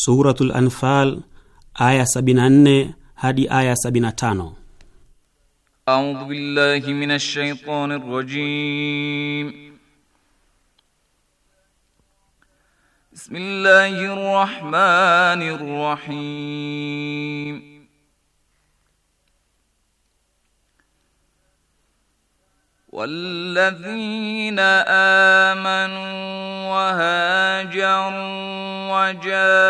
Suratul Anfal aya 74 hadi aya 75. أعوذ billahi minash الشيطان rajim. بسم الله الرحمن الرحيم والذين آمنوا وهاجروا وجاهدوا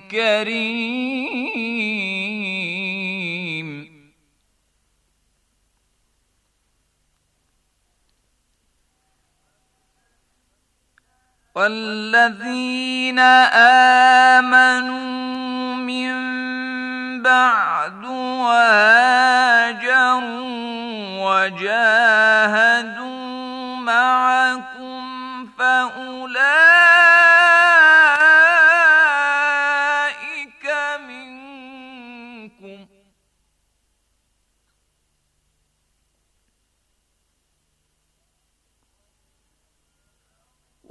كريم والذين آمنوا من بعد وهاجروا وجاهدوا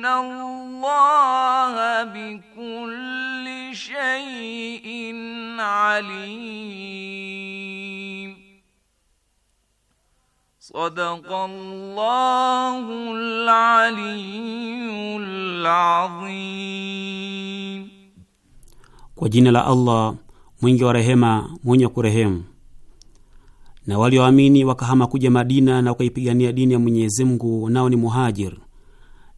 Kwa jina la Allah mwingi wa rehema mwenye kurehemu. Na walioamini wakahama kuja Madina na wakaipigania dini ya Mwenyezi Mungu, nao ni muhajir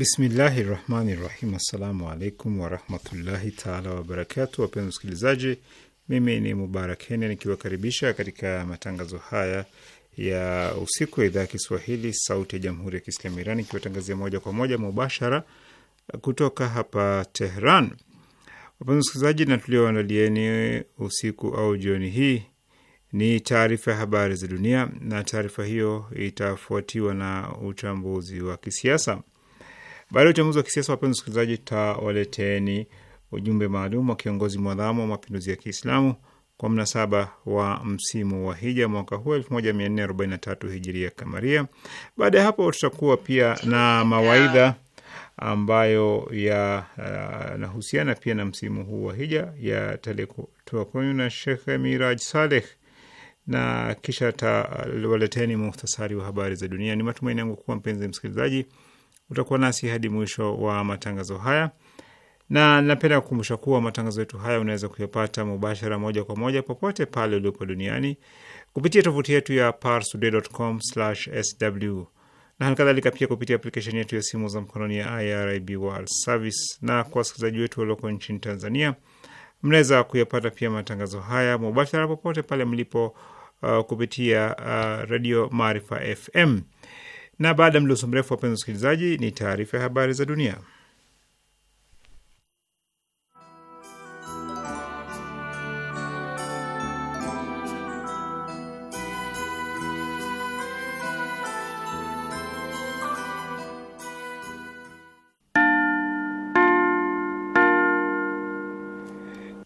Bismillahi rahmani rahim. Assalamu alaikum warahmatullahi taala wabarakatu. Wapenzi wasikilizaji, mimi ni Mubarak Kenya nikiwakaribisha katika matangazo haya ya usiku ya idhaa ya Kiswahili sauti ya jamhuri ya Kiislamu Iran ikiwatangazia moja kwa moja mubashara kutoka hapa Tehran. Wapenzi wasikilizaji, na tulioandalieni usiku au jioni hii ni taarifa ya habari za dunia, na taarifa hiyo itafuatiwa na uchambuzi wa kisiasa. Baada ya uchambuzi wa kisiasa, wapenzi wasikilizaji, tutawaleteni ujumbe maalum wa kiongozi mwadhamu wa mapinduzi ya Kiislamu kwa mnasaba wa msimu wa hija mwaka huu 1443 hijiria kamaria. Baada ya hapo, tutakuwa pia na mawaidha ambayo yanahusiana uh, pia na msimu huu wa hija yataletwa kwenu na Shekh Miraj Saleh, na kisha tawaleteni muhtasari wa habari za dunia. Ni matumaini yangu kuwa mpenzi msikilizaji utakuwa nasi hadi mwisho wa matangazo haya, na napenda kukumbusha kuwa matangazo yetu haya unaweza kuyapata mubashara, moja kwa moja, popote pale ulipo duniani kupitia tovuti yetu ya parstoday.com/sw na halikadhalika pia kupitia aplikesheni yetu ya simu za mkononi ya IRIB World Service. Na kwa wasikilizaji wetu walioko nchini Tanzania, mnaweza kuyapata pia matangazo haya mubashara popote pale mlipo, uh, kupitia uh, redio Maarifa FM. Na baada ya mdoso mrefu, wapenzi wasikilizaji, ni taarifa ya habari za dunia.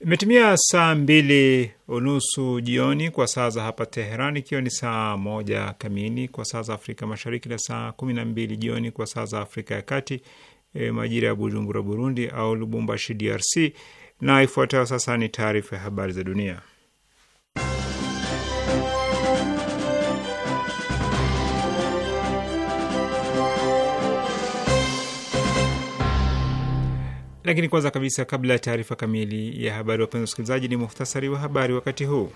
Imetimia saa mbili unusu jioni kwa saa za hapa Teheran, ikiwa ni saa moja kamili kwa saa za Afrika Mashariki na saa kumi na mbili jioni kwa saa za Afrika ya Kati, e, majira ya Bujumbura Burundi au Lubumbashi DRC. Na ifuatayo sasa ni taarifa ya habari za dunia. Lakini kwanza kabisa, kabla ya taarifa kamili ya habari, wapenzi wasikilizaji, ni muhtasari wa habari wakati huu.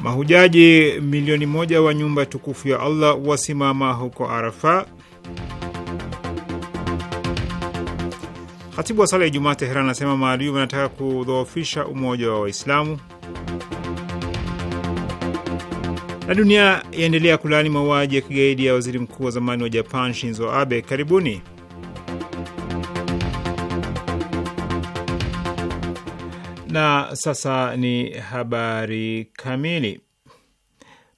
Mahujaji milioni moja wa nyumba tukufu ya Allah wasimama huko Arafa. Khatibu wa sala ya Ijumaa Teheran anasema maadui wanataka kudhoofisha umoja wa Waislamu. Na dunia yaendelea kulaani mauaji ya kigaidi ya waziri mkuu wa zamani wa Japan Shinzo Abe. Karibuni. Na sasa ni habari kamili.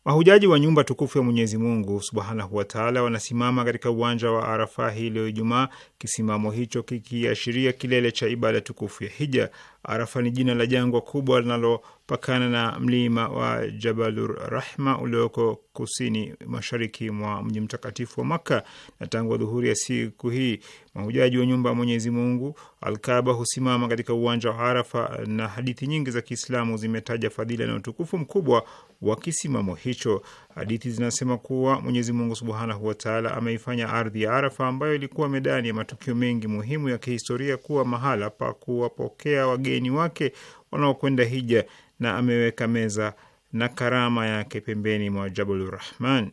Mahujaji wa nyumba tukufu ya Mwenyezi Mungu subhanahu wataala wanasimama katika uwanja wa Arafa hii leo Ijumaa, kisimamo hicho kikiashiria kilele cha ibada tukufu ya hija. Arafa ni jina la jangwa kubwa linalopakana na mlima wa Jabalur Rahma ulioko kusini mashariki mwa mji mtakatifu wa Makka. Na tangu dhuhuri ya siku hii mahujaji wa nyumba ya Mwenyezi Mungu Alkaba husimama katika uwanja wa Arafa, na hadithi nyingi za Kiislamu zimetaja fadhila na utukufu mkubwa wa kisimamo hicho. Hadithi zinasema kuwa Mwenyezi Mungu subhanahu wataala ameifanya ardhi ya Arafa, ambayo ilikuwa medani ya matukio mengi muhimu ya kihistoria, kuwa mahala pa kuwapokea wageni wake wanaokwenda hija, na ameweka meza na karama yake pembeni mwa Jabalurahman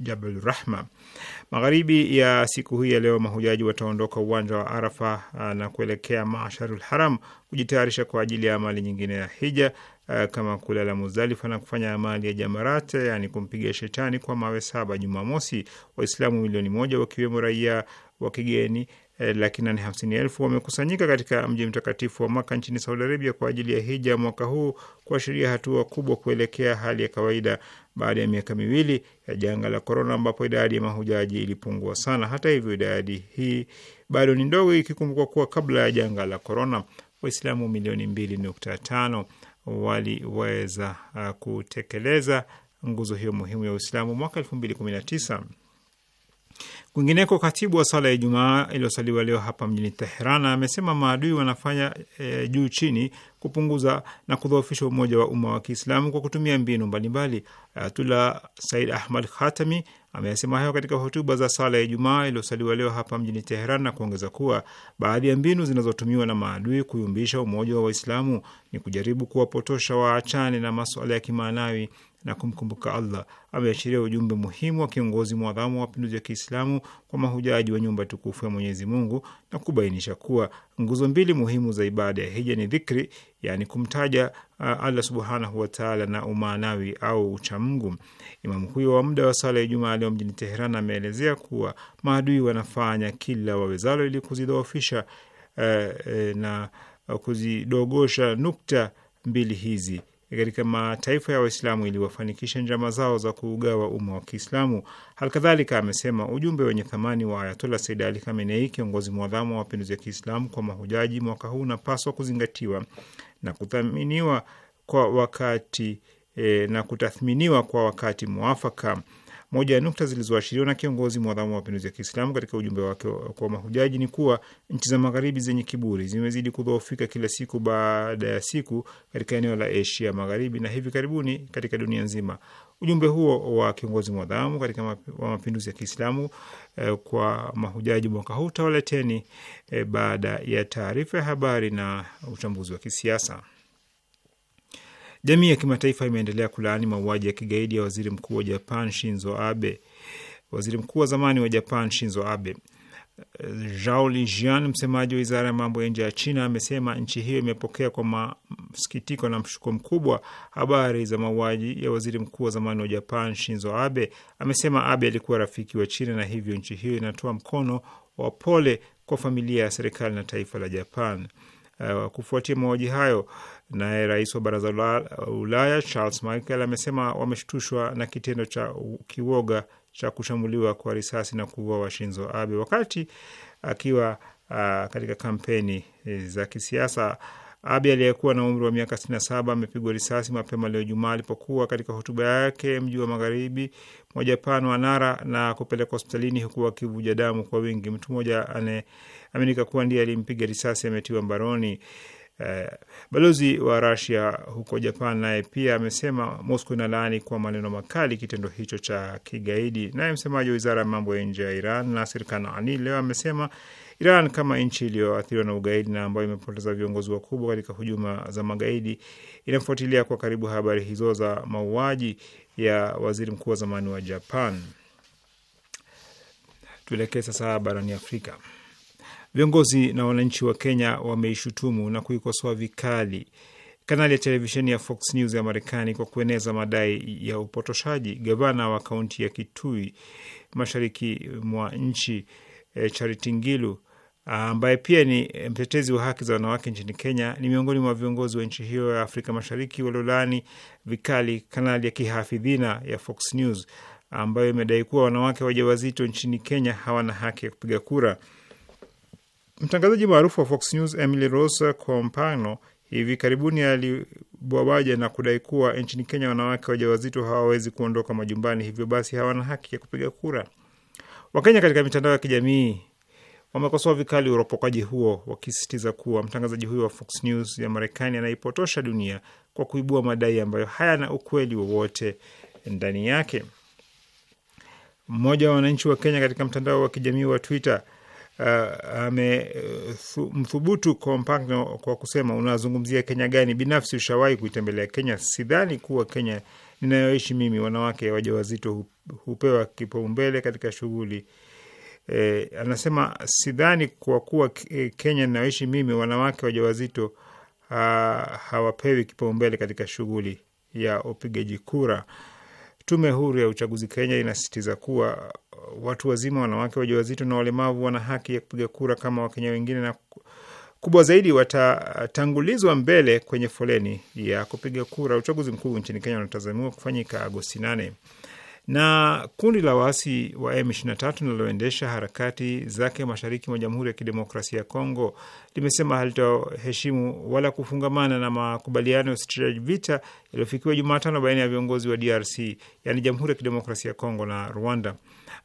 Jabal Rahma. Magharibi ya siku hii ya leo, mahujaji wataondoka uwanja wa Arafa ah, na kuelekea Masharul Haram kujitayarisha kwa ajili ya amali nyingine ya hija Eh, kama kulala Muzdalifa na kufanya amali ya jamarate yani kumpiga shetani kwa mawe saba Jumamosi. Waislamu milioni moja wakiwemo raia wa kigeni eh, laki nane hamsini elfu wamekusanyika katika mji mtakatifu wa Maka nchini Saudi Arabia kwa ajili ya hija mwaka huu, kuashiria hatua kubwa kuelekea hali ya kawaida baada ya miaka miwili ya janga la korona, ambapo idadi ya mahujaji ilipungua sana. Hata hivyo, idadi hii bado ni ndogo ikikumbukwa kuwa kabla ya janga la korona Waislamu milioni mbili nukta tano waliweza uh, kutekeleza nguzo hiyo muhimu ya Uislamu mwaka tisa. Kwingineko, katibu wa sala ya Ijumaa iliyosaliwa leo hapa mjini Teheran amesema maadui wanafanya e, juu chini kupunguza na kudhoofisha umoja wa umma wa Kiislamu kwa kutumia mbinu mbalimbali. Ayatullah Said Ahmad Khatami Ameyasema hayo katika hotuba za sala ya Ijumaa iliyosaliwa leo hapa mjini Teheran na kuongeza kuwa baadhi ya mbinu zinazotumiwa na maadui kuyumbisha umoja wa Waislamu ni kujaribu kuwapotosha waachane na masuala ya kimaanawi na kumkumbuka Allah. Ameashiria ujumbe muhimu wa kiongozi mwadhamu wa mapinduzi ya Kiislamu kwa mahujaji wa nyumba tukufu ya Mwenyezi Mungu na kubainisha kuwa nguzo mbili muhimu za ibada ya hija ni dhikri, yani kumtaja uh, Allah subhanahu wataala na umaanawi au uchamungu. Imamu huyo wa muda wa sala ya Ijumaa leo mjini Teheran ameelezea kuwa maadui wanafanya kila wawezalo ili kuzidhoofisha uh, uh, na kuzidogosha nukta mbili hizi katika mataifa ya Waislamu ili wafanikishe njama zao za kuugawa umma wa Kiislamu. Halikadhalika amesema ujumbe wenye thamani wa Ayatollah Said Ali Khamenei, kiongozi mwadhamu wa mapinduzi ya Kiislamu, kwa mahujaji mwaka huu unapaswa kuzingatiwa na kuthaminiwa kwa wakati e, na kutathminiwa kwa wakati mwafaka. Moja ya nukta zilizoashiriwa na kiongozi mwadhamu wa mapinduzi ya Kiislamu katika ujumbe wake kwa mahujaji ni kuwa nchi za magharibi zenye kiburi zimezidi kudhoofika kila siku baada ya siku katika eneo la Asia Magharibi na hivi karibuni katika dunia nzima. Ujumbe huo wa kiongozi mwadhamu katika wa mapinduzi ya Kiislamu eh, kwa mahujaji mwaka huu utawaleteni eh, baada ya taarifa ya habari na uchambuzi wa kisiasa. Jamii ya kimataifa imeendelea kulaani mauaji ya kigaidi ya waziri mkuu wa Japan Shinzo Abe. Waziri mkuu wa zamani wa Japan Shinzo Abe, Zhao Lijian, msemaji wa wizara ya mambo ya nje ya China, amesema nchi hiyo imepokea kwa masikitiko na mshuko mkubwa habari za mauaji ya waziri mkuu wa zamani wa Japan Shinzo Abe. Amesema Abe alikuwa rafiki wa China na hivyo nchi hiyo inatoa mkono wa pole kwa familia ya serikali na taifa la Japan. Uh, kufuatia mauaji hayo Naye rais wa baraza la Ulaya Charles Michel amesema wameshtushwa na kitendo cha kiwoga cha kushambuliwa kwa risasi na kuua wa Shinzo Abe wakati akiwa a, katika kampeni e, za kisiasa. Abe aliyekuwa na umri wa miaka 67 amepigwa risasi mapema leo Jumaa alipokuwa katika hotuba yake mji wa magharibi mwa Japan wa Nara na kupelekwa hospitalini huku akivuja damu kwa wingi. Mtu mmoja anayeaminika kuwa ndiye alimpiga risasi ametiwa mbaroni. Eh, balozi wa Rasia huko Japan naye pia amesema mosco inalaani kwa maneno makali kitendo hicho cha kigaidi. Naye msemaji wa wizara ya mambo ya nje ya Iran Nasir Kanani leo amesema Iran kama nchi iliyoathiriwa na ugaidi na ambayo imepoteza viongozi wakubwa katika hujuma za magaidi inafuatilia kwa karibu habari hizo za mauaji ya waziri mkuu wa zamani wa Japan. Tuelekee sasa barani Afrika. Viongozi na wananchi wa Kenya wameishutumu na kuikosoa vikali kanali ya televisheni ya Fox News ya Marekani kwa kueneza madai ya upotoshaji. Gavana wa kaunti ya Kitui, mashariki mwa nchi, e, Charity Ngilu ambaye pia ni mtetezi wa haki za wanawake nchini Kenya ni miongoni mwa viongozi wa nchi hiyo ya Afrika Mashariki waliolaani vikali kanali ya kihafidhina ya Fox News ambayo imedai kuwa wanawake wajawazito nchini Kenya hawana haki ya kupiga kura. Mtangazaji maarufu wa Fox News Emily Rose Compano hivi karibuni alibwawaja na kudai kuwa nchini Kenya wanawake wajawazito hawawezi kuondoka majumbani, hivyo basi hawana haki ya kupiga kura. Wakenya katika mitandao ya kijamii wamekosoa vikali uropokaji huo, wakisisitiza kuwa mtangazaji huyo wa Fox News ya Marekani anaipotosha dunia kwa kuibua madai ambayo hayana ukweli wowote ndani yake. Mmoja wa wananchi wa Kenya katika mtandao wa kijamii wa Twitter uh, eh, amemthubutu eh, kwa mpango kwa kusema, unazungumzia Kenya gani? Binafsi ushawahi kuitembelea Kenya? Sidhani kuwa Kenya ninayoishi mimi wanawake wajawazito hupewa kipaumbele katika shughuli E, anasema sidhani kwa kuwa Kenya ninayoishi mimi wanawake wajawazito ah, hawapewi kipaumbele katika shughuli ya upigaji kura. Tume huru ya uchaguzi Kenya inasisitiza kuwa uh, watu wazima, wanawake wajawazito na walemavu wana haki ya kupiga kura kama Wakenya wengine, na kubwa zaidi, watatangulizwa mbele kwenye foleni ya kupiga kura. Uchaguzi mkuu nchini Kenya unatazamiwa kufanyika Agosti nane na kundi la waasi wa M23 linaloendesha harakati zake mashariki mwa Jamhuri ya Kidemokrasia ya Kongo limesema halitoheshimu wala kufungamana na makubaliano ya usitishaji vita yaliyofikiwa Jumatano baina ya viongozi wa DRC, yani Jamhuri ya Kidemokrasia ya Kongo na Rwanda.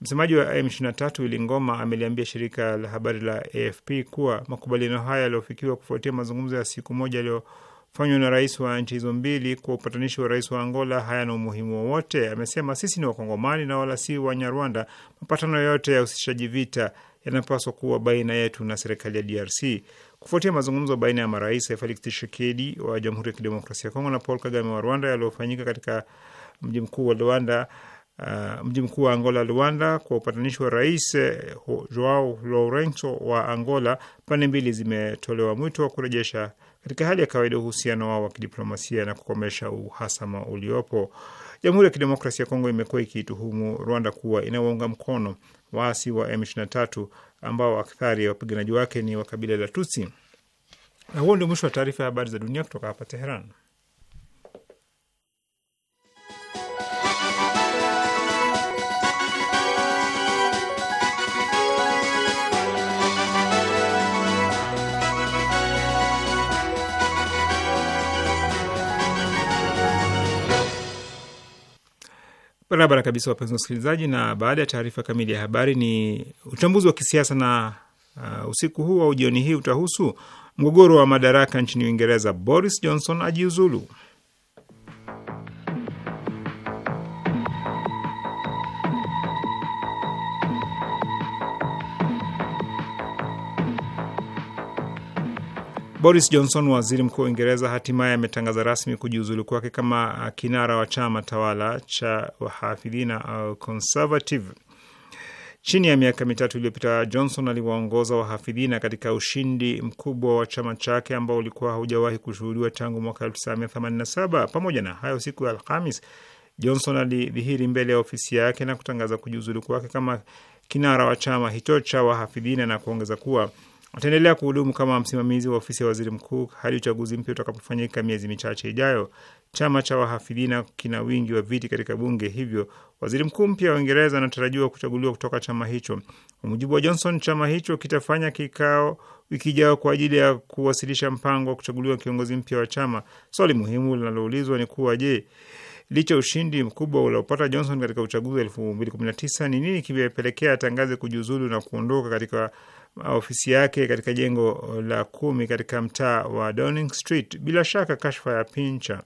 Msemaji wa M23 Willy Ngoma ameliambia shirika la habari la AFP kuwa makubaliano haya yaliyofikiwa kufuatia mazungumzo ya siku moja yaliyo fanywa na rais wa nchi hizo mbili kwa upatanishi wa rais wa Angola hayana umuhimu wowote. Amesema sisi ni Wakongomani na wala si Wanyarwanda. Mapatano yote ya usishaji vita yanapaswa kuwa baina yetu na serikali ya DRC. Kufuatia mazungumzo baina ya marais Felix Tshisekedi wa Jamhuri ya Kidemokrasia ya Kongo na Paul Kagame wa Rwanda yaliyofanyika katika mji mkuu wa Luanda, uh, mji mkuu wa Angola Luanda, kwa upatanishi wa rais uh, Joao Lourenco wa Angola, pande mbili zimetolewa mwito wa kurejesha katika hali ya kawaida uhusiano wao wa kidiplomasia na kukomesha uhasama uliopo. Jamhuri ya Kidemokrasia ya Kongo imekuwa ikiituhumu Rwanda kuwa inawaunga mkono waasi wa M23 ambao akthari ya wapiganaji wake ni wa kabila la Tutsi. Na huo ndio mwisho wa taarifa ya habari za dunia kutoka hapa Teheran. Barabara kabisa, wapenzi wasikilizaji, na baada ya taarifa kamili ya habari ni uchambuzi wa kisiasa na uh, usiku huu au jioni hii utahusu mgogoro wa madaraka nchini Uingereza, Boris Johnson ajiuzulu. Boris Johnson, waziri mkuu wa Uingereza, hatimaye ametangaza rasmi kujiuzulu kwake kama uh, kinara wa chama tawala cha wahafidhina au uh, Conservative. Chini ya miaka mitatu iliyopita, Johnson aliwaongoza wahafidhina katika ushindi mkubwa wa chama chake ambao ulikuwa haujawahi kushuhudiwa tangu mwaka 1987. Pamoja na hayo, siku ya Alhamis, Johnson alidhihiri mbele ya ofisi yake na kutangaza kujiuzulu kwake kama kinara wa chama hicho cha wahafidhina na kuongeza kuwa Ataendelea kuhudumu kama msimamizi wa ofisi ya waziri mkuu hadi uchaguzi mpya utakapofanyika miezi michache ijayo. Chama cha wahafidhina kina wingi wa viti katika bunge, hivyo waziri mkuu mpya wa Uingereza anatarajiwa kuchaguliwa kutoka chama hicho. Kwa mujibu wa Johnson, chama hicho kitafanya kikao wiki ijayo kwa ajili ya kuwasilisha mpango wa kuchaguliwa kiongozi mpya wa chama. Swali muhimu linaloulizwa ni kuwa je, licha ushindi mkubwa uliopata Johnson katika uchaguzi wa tisa ni nini kimepelekea atangaze kujiuzulu na kuondoka katika ofisi yake katika jengo la kumi katika mtaa wa Downing Street. Bila shaka kashfa ya pincha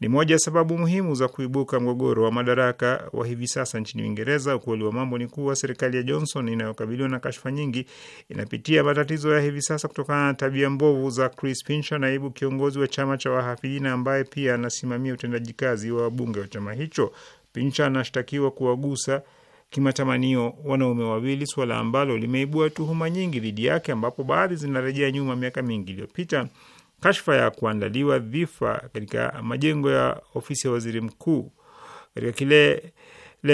ni moja ya sababu muhimu za kuibuka mgogoro wa madaraka wa hivi sasa nchini Uingereza. Ukweli wa mambo ni kuwa serikali ya Johnson inayokabiliwa na kashfa nyingi inapitia matatizo ya hivi sasa kutokana na tabia mbovu za Chris Pincher, naibu kiongozi wa chama cha wahafidhina ambaye pia anasimamia utendaji kazi wa wabunge wa chama hicho. Pincher anashtakiwa kuwagusa kimatamanio wanaume wawili, suala ambalo limeibua tuhuma nyingi dhidi yake, ambapo baadhi zinarejea nyuma miaka mingi iliyopita. Kashfa ya kuandaliwa dhifa katika majengo ya ofisi ya waziri mkuu katika kile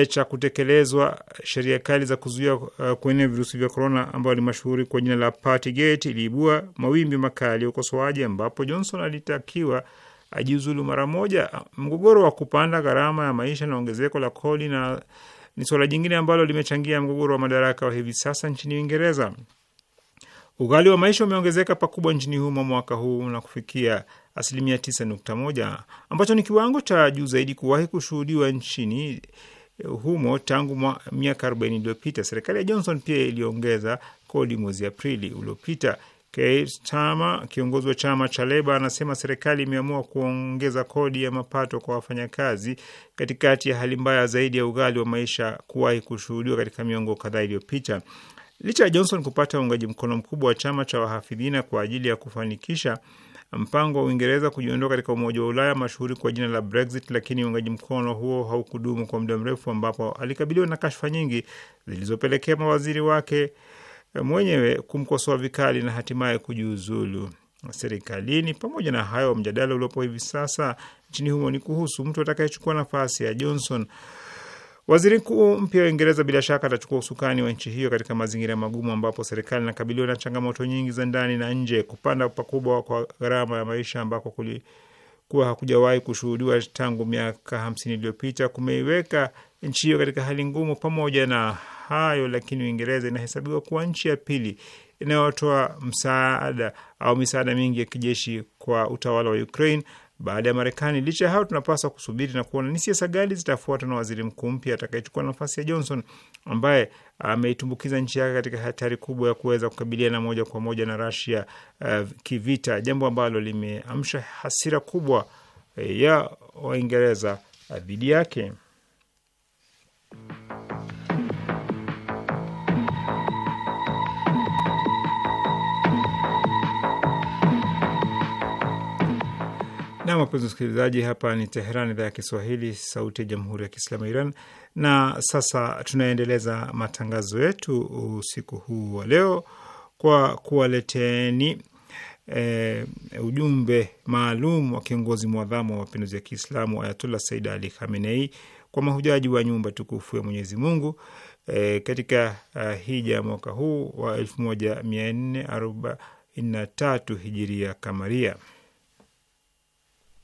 cha kutekelezwa sheria kali za kuzuia uh, kuenea virusi vya korona ambayo ni mashuhuri kwa jina la Partygate iliibua mawimbi makali ya ukosoaji, ambapo Johnson alitakiwa ajiuzulu mara moja. Mgogoro wa kupanda gharama ya maisha na ongezeko la kodi na ni suala jingine ambalo limechangia mgogoro wa madaraka wa hivi sasa nchini Uingereza. Ughali wa maisha umeongezeka pakubwa nchini humo mwaka huu na kufikia asilimia 9.1 ambacho ni kiwango cha juu zaidi kuwahi kushuhudiwa nchini humo tangu miaka 40 iliyopita. Serikali ya Johnson pia iliongeza kodi mwezi Aprili uliopita. Keir Starmer, kiongozi wa chama cha Leba, anasema serikali imeamua kuongeza kodi ya mapato kwa wafanyakazi katikati ya hali mbaya zaidi ya ughali wa maisha kuwahi kushuhudiwa katika miongo kadhaa iliyopita. Licha ya Johnson kupata uungaji mkono mkubwa wa chama cha wahafidhina kwa ajili ya kufanikisha mpango wa Uingereza kujiondoa katika Umoja wa Ulaya mashuhuri kwa jina la Brexit, lakini uungaji mkono huo haukudumu kwa muda mrefu, ambapo alikabiliwa na kashfa nyingi zilizopelekea mawaziri wake mwenyewe kumkosoa vikali na hatimaye kujiuzulu serikalini. Pamoja na hayo, mjadala uliopo hivi sasa nchini humo ni kuhusu mtu atakayechukua nafasi ya Johnson. Waziri mkuu mpya wa Uingereza bila shaka atachukua usukani wa nchi hiyo katika mazingira magumu ambapo serikali inakabiliwa na changamoto nyingi za ndani na nje. Kupanda pakubwa kwa gharama ya maisha ambako kulikuwa hakujawahi kushuhudiwa tangu miaka hamsini iliyopita kumeiweka nchi hiyo katika hali ngumu, pamoja na hayo, lakini Uingereza inahesabiwa kuwa nchi ya pili inayotoa msaada au misaada mingi ya kijeshi kwa utawala wa Ukraine baada ya Marekani. Licha ya hayo, tunapaswa kusubiri na kuona ni siasa gani zitafuatwa na waziri mkuu mpya atakayechukua nafasi ya Johnson ambaye ameitumbukiza nchi yake katika hatari kubwa ya kuweza kukabiliana moja kwa moja na Russia uh, kivita, jambo ambalo limeamsha hasira kubwa eh, ya Waingereza eh, dhidi yake. Na wapenzi wasikilizaji, hapa ni Teheran, idhaa ya Kiswahili, sauti ya jamhuri ya kiislamu ya Iran. Na sasa tunaendeleza matangazo yetu usiku huu wa leo kwa kuwaleteni e, ujumbe maalum wa kiongozi mwadhamu wa mapinduzi ya Kiislamu Ayatullah Said Ali Khamenei kwa mahujaji wa nyumba tukufu ya Mwenyezi Mungu e, katika uh, hija mwaka huu wa tatu hijiria kamaria.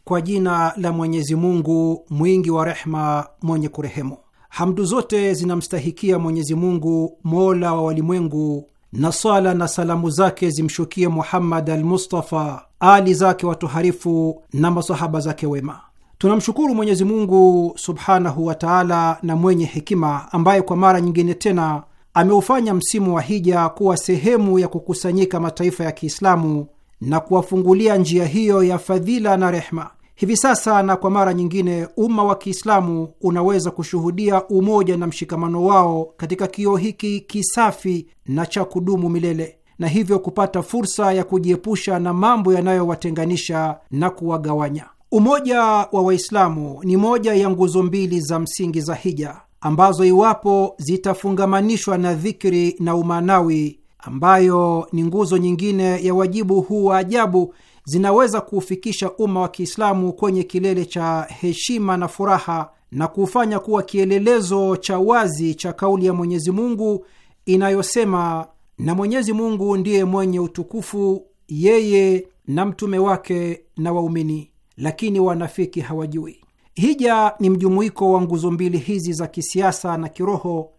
Kwa jina la Mwenyezi Mungu mwingi wa rehma mwenye kurehemu. Hamdu zote zinamstahikia Mwenyezi Mungu, mola wa walimwengu, na swala na salamu zake zimshukie Muhammad al-Mustafa, ali zake watoharifu na masahaba zake wema. Tunamshukuru Mwenyezi Mungu subhanahu wa taala, na mwenye hekima ambaye kwa mara nyingine tena ameufanya msimu wa hija kuwa sehemu ya kukusanyika mataifa ya Kiislamu na kuwafungulia njia hiyo ya fadhila na rehma. Hivi sasa na kwa mara nyingine, umma wa Kiislamu unaweza kushuhudia umoja na mshikamano wao katika kioo hiki kisafi na cha kudumu milele, na hivyo kupata fursa ya kujiepusha na mambo yanayowatenganisha na kuwagawanya. Umoja wa Waislamu ni moja ya nguzo mbili za msingi za hija ambazo iwapo zitafungamanishwa na dhikri na umanawi ambayo ni nguzo nyingine ya wajibu huu wa ajabu, zinaweza kuufikisha umma wa Kiislamu kwenye kilele cha heshima na furaha na kuufanya kuwa kielelezo cha wazi cha kauli ya Mwenyezi Mungu inayosema, na Mwenyezi Mungu ndiye mwenye utukufu, yeye na mtume wake na waumini, lakini wanafiki hawajui. Hija ni mjumuiko wa nguzo mbili hizi za kisiasa na kiroho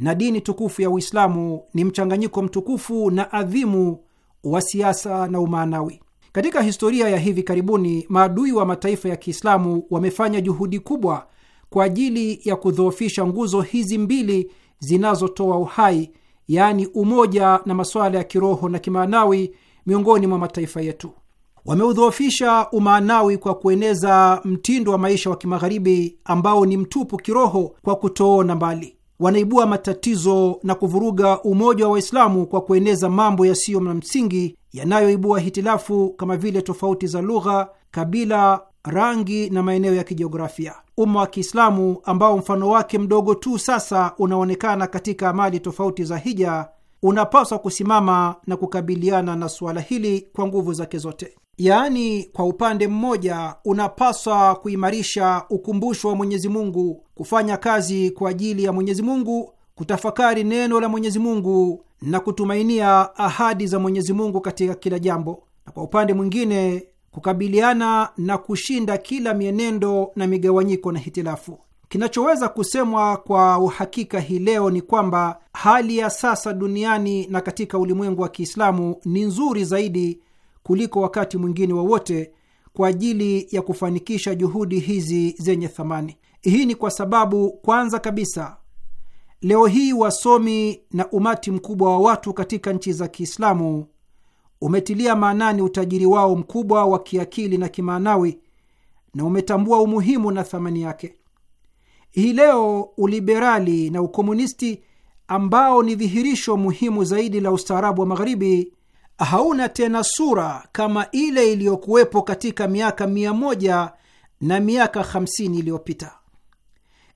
na dini tukufu ya Uislamu ni mchanganyiko mtukufu na adhimu wa siasa na umaanawi. Katika historia ya hivi karibuni, maadui wa mataifa ya Kiislamu wamefanya juhudi kubwa kwa ajili ya kudhoofisha nguzo hizi mbili zinazotoa uhai, yaani umoja na masuala ya kiroho na kimaanawi miongoni mwa mataifa yetu. Wameudhoofisha umaanawi kwa kueneza mtindo wa maisha wa kimagharibi ambao ni mtupu kiroho, kwa kutoona mbali wanaibua matatizo na kuvuruga umoja wa Waislamu kwa kueneza mambo yasiyo na msingi yanayoibua hitilafu kama vile tofauti za lugha, kabila, rangi na maeneo ya kijiografia. Umma wa Kiislamu ambao mfano wake mdogo tu sasa unaonekana katika amali tofauti za hija unapaswa kusimama na kukabiliana na suala hili kwa nguvu zake zote. Yaani, kwa upande mmoja unapaswa kuimarisha ukumbusho wa Mwenyezi Mungu, kufanya kazi kwa ajili ya Mwenyezi Mungu, kutafakari neno la Mwenyezi Mungu na kutumainia ahadi za Mwenyezi Mungu katika kila jambo, na kwa upande mwingine kukabiliana na kushinda kila mienendo na migawanyiko na hitilafu. Kinachoweza kusemwa kwa uhakika hii leo ni kwamba hali ya sasa duniani na katika ulimwengu wa Kiislamu ni nzuri zaidi kuliko wakati mwingine wowote wa kwa ajili ya kufanikisha juhudi hizi zenye thamani. Hii ni kwa sababu, kwanza kabisa, leo hii wasomi na umati mkubwa wa watu katika nchi za Kiislamu umetilia maanani utajiri wao mkubwa wa kiakili na kimaanawi na umetambua umuhimu na thamani yake. Hii leo uliberali na ukomunisti ambao ni dhihirisho muhimu zaidi la ustaarabu wa Magharibi hauna tena sura kama ile iliyokuwepo katika miaka mia moja na miaka hamsini iliyopita.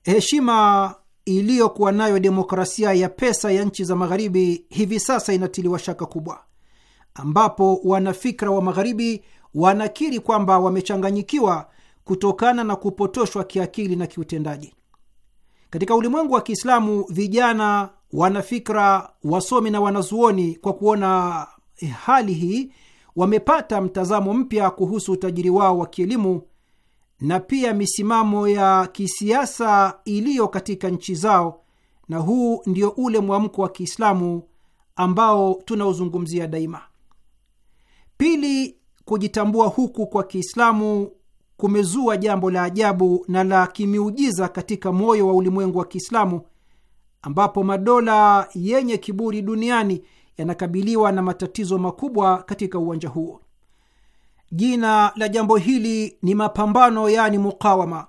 Heshima iliyokuwa nayo demokrasia ya pesa ya nchi za magharibi hivi sasa inatiliwa shaka kubwa, ambapo wanafikra wa magharibi wanakiri kwamba wamechanganyikiwa kutokana na kupotoshwa kiakili na kiutendaji. Katika ulimwengu wa Kiislamu, vijana, wanafikra, wasomi na wanazuoni, kwa kuona hali hii wamepata mtazamo mpya kuhusu utajiri wao wa kielimu na pia misimamo ya kisiasa iliyo katika nchi zao, na huu ndio ule mwamko wa Kiislamu ambao tunaozungumzia daima. Pili, kujitambua huku kwa Kiislamu kumezua jambo la ajabu na la kimiujiza katika moyo wa ulimwengu wa Kiislamu ambapo madola yenye kiburi duniani yanakabiliwa na matatizo makubwa katika uwanja huo. Jina la jambo hili ni mapambano, yaani mukawama,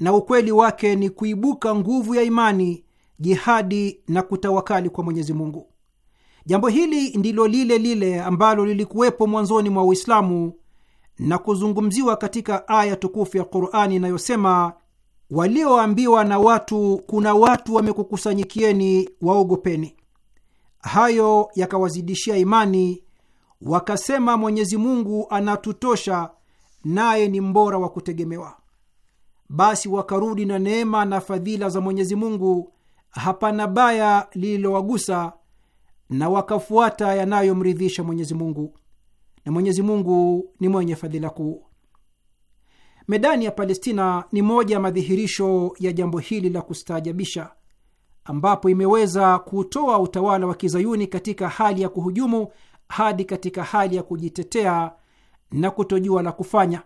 na ukweli wake ni kuibuka nguvu ya imani, jihadi na kutawakali kwa Mwenyezi Mungu. Jambo hili ndilo lile lile ambalo lilikuwepo mwanzoni mwa Uislamu na kuzungumziwa katika aya tukufu ya Qur'ani inayosema, walioambiwa na watu kuna watu wamekukusanyikieni, waogopeni. Hayo yakawazidishia imani, wakasema Mwenyezi Mungu anatutosha, naye ni mbora wa kutegemewa. Basi wakarudi na neema na fadhila za Mwenyezi Mungu, hapana baya lililowagusa, na wakafuata yanayomridhisha Mwenyezi Mungu, na Mwenyezi Mungu ni mwenye fadhila kuu. Medani ya Palestina ni moja ya madhihirisho ya jambo hili la kustaajabisha ambapo imeweza kutoa utawala wa kizayuni katika hali ya kuhujumu hadi katika hali ya kujitetea na kutojua la kufanya,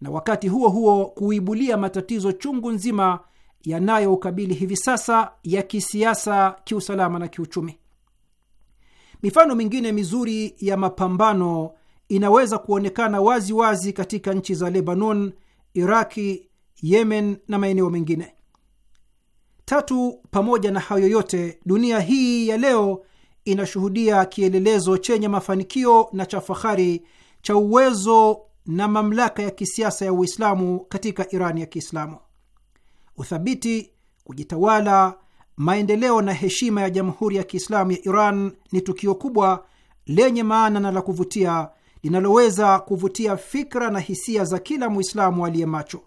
na wakati huo huo kuibulia matatizo chungu nzima yanayoukabili hivi sasa ya kisiasa, kiusalama na kiuchumi. Mifano mingine mizuri ya mapambano inaweza kuonekana wazi wazi katika nchi za Lebanon, Iraki, Yemen na maeneo mengine. Tatu, pamoja na hayo yote, dunia hii ya leo inashuhudia kielelezo chenye mafanikio na cha fahari cha uwezo na mamlaka ya kisiasa ya Uislamu katika iran ya Kiislamu. Uthabiti, kujitawala, maendeleo na heshima ya Jamhuri ya Kiislamu ya Iran ni tukio kubwa lenye maana na la kuvutia linaloweza kuvutia fikra na hisia za kila Mwislamu aliye macho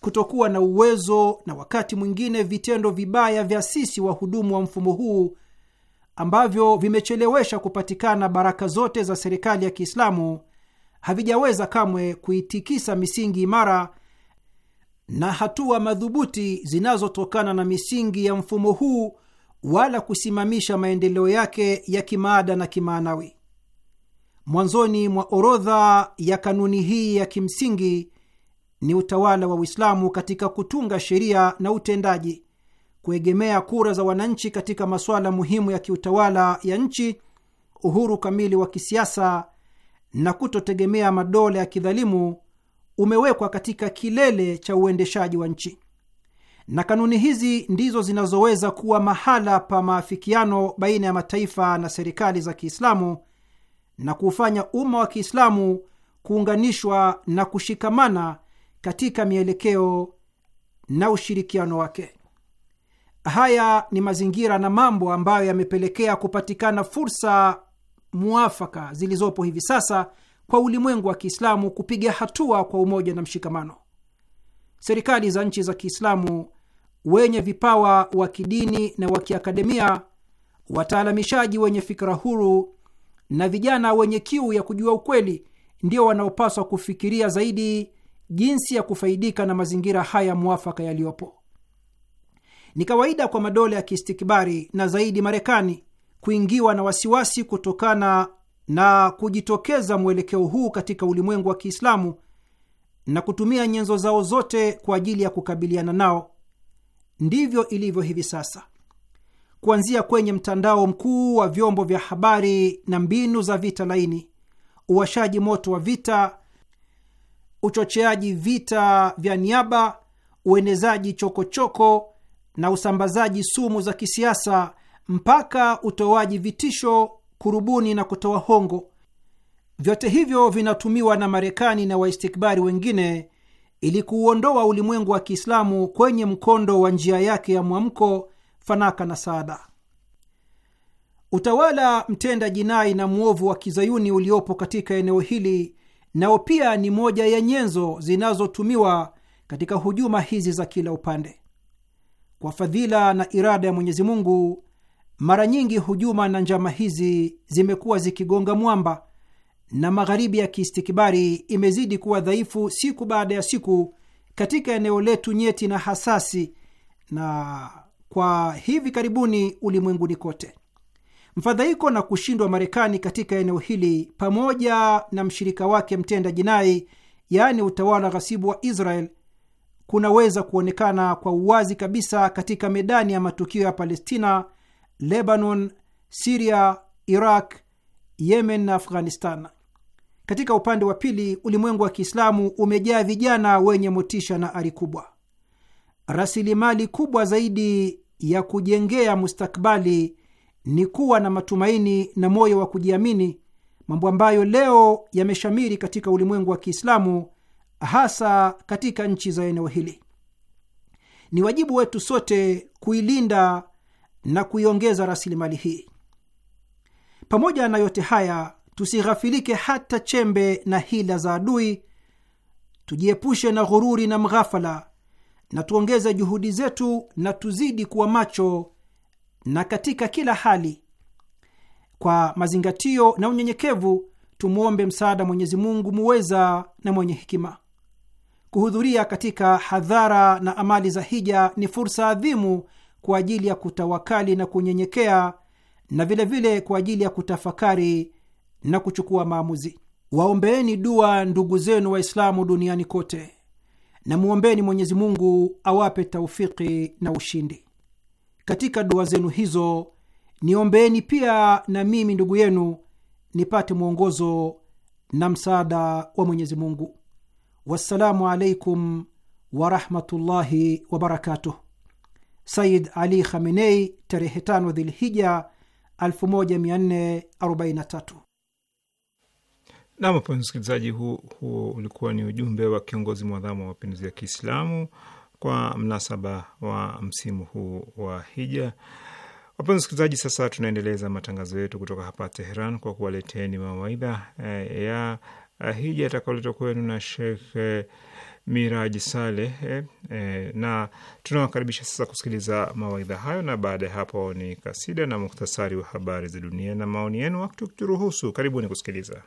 kutokuwa na uwezo na wakati mwingine vitendo vibaya vya sisi wahudumu wa mfumo huu ambavyo vimechelewesha kupatikana baraka zote za serikali ya Kiislamu havijaweza kamwe kuitikisa misingi imara na hatua madhubuti zinazotokana na misingi ya mfumo huu wala kusimamisha maendeleo yake ya kimaada na kimaanawi. Mwanzoni mwa orodha ya kanuni hii ya kimsingi ni utawala wa Uislamu katika kutunga sheria na utendaji, kuegemea kura za wananchi katika masuala muhimu ya kiutawala ya nchi, uhuru kamili wa kisiasa na kutotegemea madola ya kidhalimu umewekwa katika kilele cha uendeshaji wa nchi, na kanuni hizi ndizo zinazoweza kuwa mahala pa maafikiano baina ya mataifa na serikali za Kiislamu na kuufanya umma wa Kiislamu kuunganishwa na kushikamana katika mielekeo na ushirikiano wake. Haya ni mazingira na mambo ambayo yamepelekea kupatikana fursa muafaka zilizopo hivi sasa kwa ulimwengu wa Kiislamu kupiga hatua kwa umoja na mshikamano. Serikali za nchi za Kiislamu, wenye vipawa wa kidini na wa kiakademia, wataalamishaji wenye fikra huru na vijana wenye kiu ya kujua ukweli, ndio wanaopaswa kufikiria zaidi jinsi ya kufaidika na mazingira haya mwafaka yaliyopo. Ni kawaida kwa madola ya kiistikbari na zaidi Marekani kuingiwa na wasiwasi kutokana na kujitokeza mwelekeo huu katika ulimwengu wa Kiislamu na kutumia nyenzo zao zote kwa ajili ya kukabiliana nao. Ndivyo ilivyo hivi sasa, kuanzia kwenye mtandao mkuu wa vyombo vya habari na mbinu za vita laini, uwashaji moto wa vita uchocheaji vita vya niaba, uenezaji chokochoko na usambazaji sumu za kisiasa mpaka utoaji vitisho, kurubuni na kutoa hongo. Vyote hivyo vinatumiwa na Marekani na waistikbari wengine ili kuuondoa ulimwengu wa Kiislamu kwenye mkondo wa njia yake ya mwamko, fanaka na saada. Utawala mtenda jinai na mwovu wa kizayuni uliopo katika eneo hili nao pia ni moja ya nyenzo zinazotumiwa katika hujuma hizi za kila upande. Kwa fadhila na irada ya Mwenyezi Mungu, mara nyingi hujuma na njama hizi zimekuwa zikigonga mwamba na magharibi ya kiistikibari imezidi kuwa dhaifu siku baada ya siku katika eneo letu nyeti na hasasi, na kwa hivi karibuni ulimwenguni kote. Mfadhaiko na kushindwa Marekani katika eneo hili pamoja na mshirika wake mtenda jinai, yaani utawala ghasibu wa Israel, kunaweza kuonekana kwa uwazi kabisa katika medani ya matukio ya Palestina, Lebanon, Siria, Iraq, Yemen na Afghanistan. Katika upande wa pili, ulimwengu wa Kiislamu umejaa vijana wenye motisha na ari kubwa. Rasilimali kubwa zaidi ya kujengea mustakbali ni kuwa na matumaini na moyo wa kujiamini, mambo ambayo leo yameshamiri katika ulimwengu wa Kiislamu, hasa katika nchi za eneo hili. Ni wajibu wetu sote kuilinda na kuiongeza rasilimali hii. Pamoja na yote haya, tusighafilike hata chembe na hila za adui, tujiepushe na ghururi na mghafala, na tuongeze juhudi zetu na tuzidi kuwa macho na katika kila hali, kwa mazingatio na unyenyekevu, tumwombe msaada Mwenyezi Mungu muweza na mwenye hekima. Kuhudhuria katika hadhara na amali za hija ni fursa adhimu kwa ajili ya kutawakali na kunyenyekea na vilevile vile kwa ajili ya kutafakari na kuchukua maamuzi. Waombeeni dua ndugu zenu Waislamu duniani kote, na mwombeni Mwenyezi Mungu awape taufiki na ushindi. Katika dua zenu hizo niombeeni pia na mimi ndugu yenu nipate mwongozo na msaada wa Mwenyezi Mungu. Wassalamu alaikum warahmatullahi wabarakatuh. Said Ali Khamenei, tarehe 5 Dhilhija 1443. Nam, wapenzi msikilizaji, huo ulikuwa ni ujumbe wa kiongozi mwadhamu wa mapinduzi ya Kiislamu kwa mnasaba wa msimu huu wa hija. Wapenzi wasikilizaji, sasa tunaendeleza matangazo yetu kutoka hapa Teheran kwa kuwaleteni mawaidha eh, ya eh, hija atakaoletwa kwenu na shekh eh, Miraji Saleh eh, eh, na tunawakaribisha sasa kusikiliza mawaidha hayo, na baada ya hapo ni kasida na muhtasari wa habari za dunia na maoni yenu wakati ukituruhusu. Karibuni kusikiliza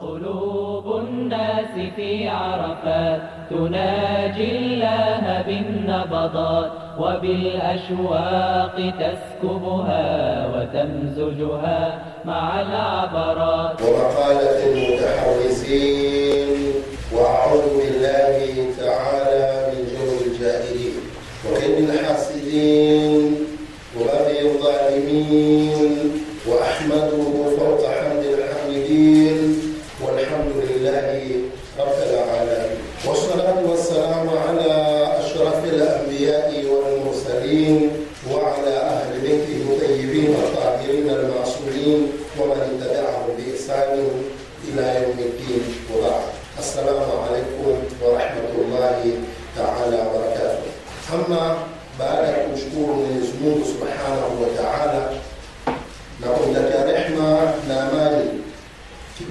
Olo. الناس في عرفات تناجي الله بالنبضات وبالأشواق تسكبها وتمزجها مع العبرات ومقالة المتحوزين وأعوذ بالله تعالى من جور الجاهلين وكن الحاسدين وبغي الظالمين وأحمده الابتدائي ابتدى على والصلاة والسلام على أشرف الأنبياء والمرسلين وعلى أهل بيته الطيبين الطاهرين المعصومين ومن تبعهم بإحسان إلى يوم الدين وبعد السلام عليكم ورحمة الله تعالى وبركاته أما بعد أشكر من سبحانه وتعالى نقول لك رحمة لا مال في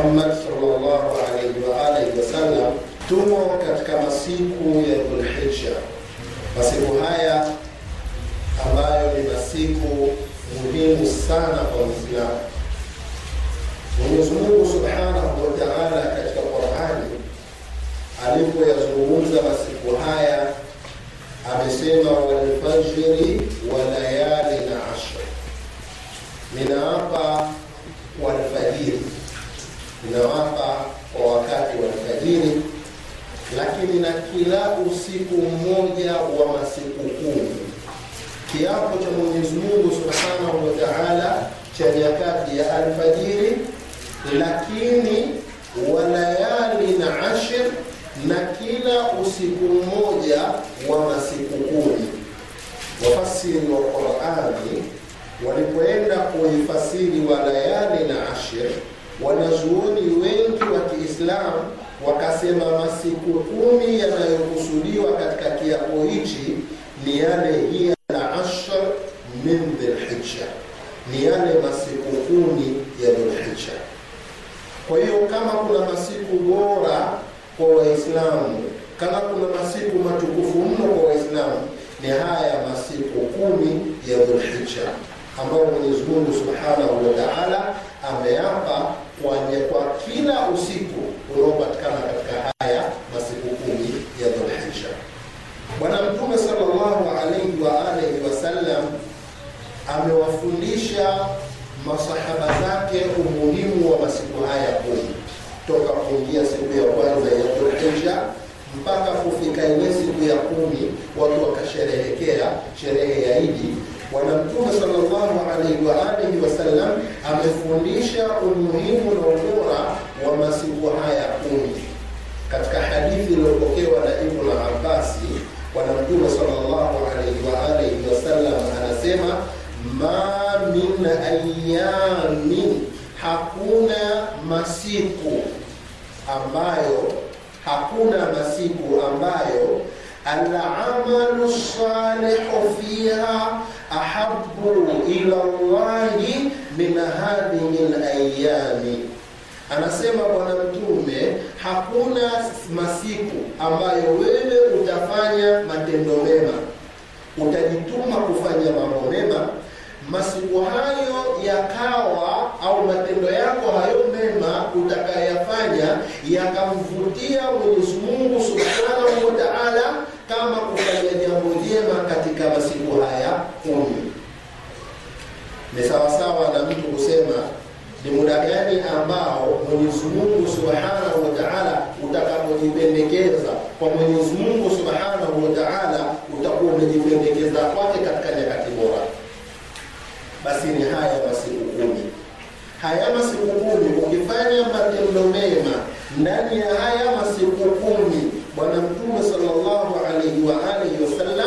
Muhammad sallallahu alaihi wa alihi wasallam, tumo katika masiku ya Dhulhijja, masiku haya ambayo ni masiku muhimu sana kwa Uislamu. Mwenyezi Mungu subhanahu wa taala katika Qurani alipoyazungumza masiku haya amesema, walfajri wa layali na ashri mina zimewapa kwa wakati wa alfajiri, lakini na kila usiku mmoja wa masiku kumi. Kiapo cha Mwenyezi Mungu Subhanahu wa Ta'ala cha nyakati ya alfajiri, lakini walayali na ashir, na kila usiku mmoja wa masiku kumi. Wafasiri wa Qur'ani walipoenda kuifasiri walayali na ashir wanazuoni wengi wa Kiislamu wakasema masiku kumi yanayokusudiwa katika kiapo hichi ni yale hiya la ashr min dhilhijja, ni yale masiku kumi ya dhilhija Kwa hiyo kama kuna masiku bora kwa Waislamu, kama kuna masiku matukufu mno kwa Waislamu ni haya masiku kumi ya dhilhija ambayo Mwenyezi Mungu Subhanahu wa Ta'ala ameapa kwa, kwa kila usiku unaopatikana katika haya masiku kumi ya Dhulhijja. Bwana Mtume sallallahu alaihi wa alihi wasallam amewafundisha masahaba zake umuhimu wa masiku haya kumi toka kuingia siku ya kwanza ya Dhulhijja mpaka kufika ile siku ya kumi, watu wakasherehekea sherehe ya Idi Bwana Mtume sallallahu alaihi wa alihi wasallam amefundisha umuhimu na ubora wa masiku haya kumi. Katika hadithi iliyopokewa na Ibnu Abbasi, Bwana Mtume sallallahu alaihi wa alihi wasallam anasema ma min ayamin, hakuna masiku ambayo hakuna masiku ambayo alamalu salihu fiha ahabu ila llahi min hadhihi layami anasema bwana mtume hakuna masiku ambayo wewe utafanya matendo mema utajituma kufanya mambo mema masiku hayo yakawa au matendo yako hayo mema utakayafanya yakamvutia mwenyezi ni sawasawa na mtu kusema ni muda gani ambao Mwenyezi Mungu Subhanahu wa Ta'ala utakapojipendekeza kwa Mwenyezi Mungu Subhanahu wa Ta'ala utakuwa umejipendekeza kwake katika nyakati bora. Basi ni haya masiku kumi. Haya masiku kumi ukifanya matendo mema ndani ya haya masiku kumi, Bwana Mtume sallallahu alaihi wa alihi wasallam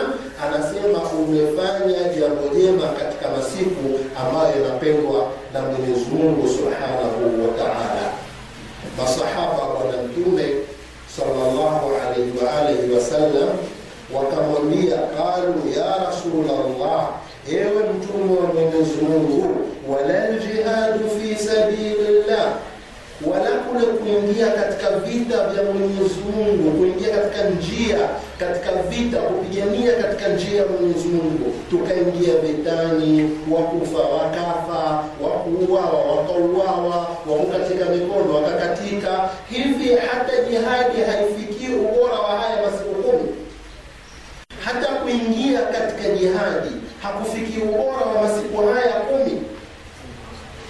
anasema umefanya jambo jema katika masiku ambayo yanapendwa na Mwenyezi Mungu Subhanahu wa Ta'ala. Masahaba wa Mtume sallallahu alayhi wa alihi wasallam wakamwambia, qalu ya Rasulullah, ewe mtume wa Mwenyezi Mungu, wala jihadu fi sabilillah wala kule kuingia katika vita vya Mwenyezi Mungu, kuingia katika njia, katika vita, kupigania katika njia ya Mwenyezi Mungu. Tukaingia vitani, wakufa wakafa, wakuuawa wakauawa, wakukatika mikono wakakatika. Hivi hata jihadi haifikii ubora wa haya masiku kumi. Hata kuingia katika jihadi hakufikii ubora wa masiku haya kumi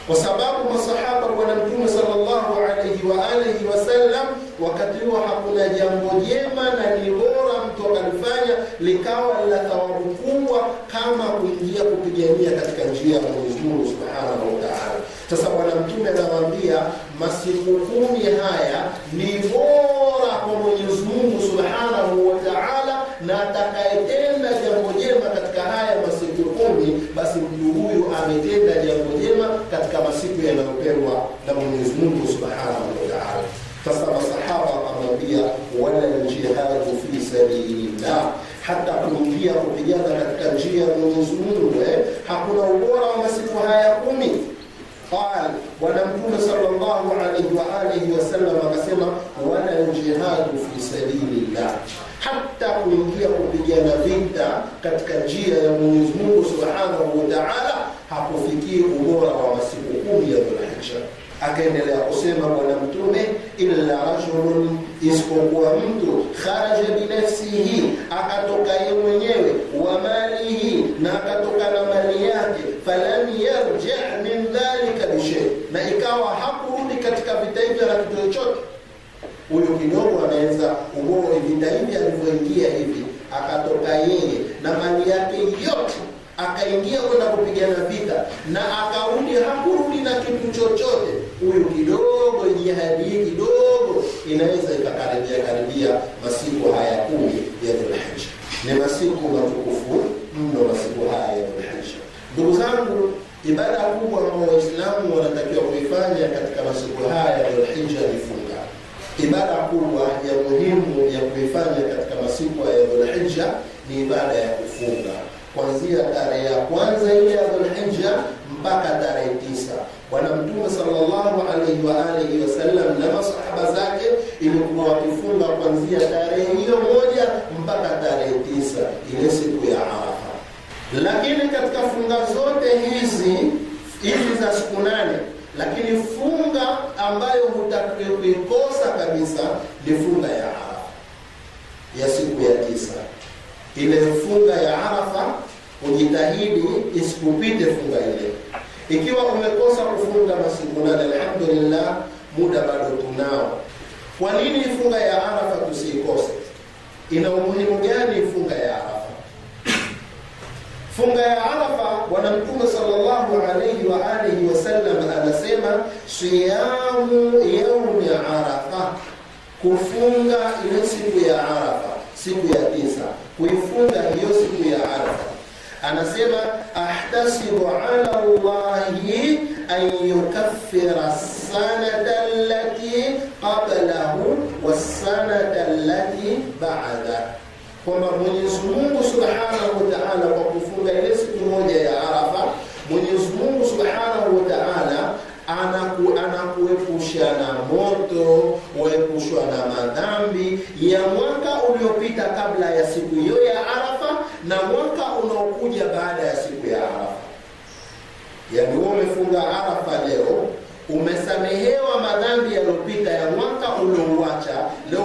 kwa sababu masahaba bwana mtume sallallahu alaihi wa alihi wasallam wakati huo hakuna jambo jema na ni bora mtu akalifanya likawa la thawabu kubwa kama kuingia kupigania katika njia ya Mwenyezi Mungu subhanahu wa taala. Sasa bwana mtume anawaambia masiku kumi haya ni bora kwa Mwenyezi Mungu subhanahu wa taala, na atakayetenda jambo jema katika haya masiku kumi, basi mtu huyu ametenda kama siku yanayopendwa na Mwenyezi Mungu Subhanahu wa Ta'ala. Sasa masahaba akamwambia, wala jihadu fi sabilillah, hata kuingia kupigana katika njia ya Mwenyezi Mungu eh, hakuna ubora wa masiku haya kumi. Qal, Bwana Mtume sallallahu alaihi wa alihi wasallam akasema, wala jihadu fi sabilillah hata kuingia kupigana vita katika njia ya Mwenyezi Mungu Subhanahu wa Ta'ala hakufikii ubora wa ya Dhulhijja, Akaendelea kusema Bwana Mtume, illa rajulun, isipokuwa mtu kharaja binafsihi, akatoka yeye mwenyewe, wa malihi, na akatoka na mali yake, falam yarja min dhalika bishe, na ikawa hakurudi katika vita hivyo na kitu chochote. Huyo kidogo anaweza kuboa vita hivi alivyoingia hivi, akatoka yeye na mali yake yote, akaingia kwenda kupigana vita na akarudi haku chochote, huyu kidogo ijihadie kidogo, inaweza ikakaribia karibia basi Lakini katika funga zote hizi hizi za siku nane, lakini funga ambayo hutakiwe kuikosa kabisa ni funga ya Arafa ya siku ya tisa. Ile funga ya Arafa ujitahidi isikupite funga ile. Ikiwa umekosa kufunga masiku nane, alhamdulillah, muda bado tunao. Kwa nini funga ya Arafa tusiikose? Ina umuhimu gani funga ya Arafa? Funga ya Arafa, Bwana Mtume sallallahu alayhi wa alihi wasallam anasema siyamu ya Arafa, kufunga ile siku ya Arafa, siku ya tisa, kuifunga hiyo siku ya Arafa. Anasema ahtasibu ala Allahi an yukaffira sanata allati qablahu wassanata allati ba'dahu kwamba Mwenyezi Mungu Subhanahu wa Ta'ala kwa kufunga ile siku moja ya Arafa, Mwenyezi Mungu Subhanahu wa Ta'ala anaku anakuepusha na moto, kuepushwa na madhambi ya mwaka uliopita kabla ya siku hiyo ya Arafa na mwaka unaokuja baada ya siku ya Arafa. Yaani wewe umefunga Arafa leo, umesamehewa madhambi yaliyopita ya mwaka uliouacha leo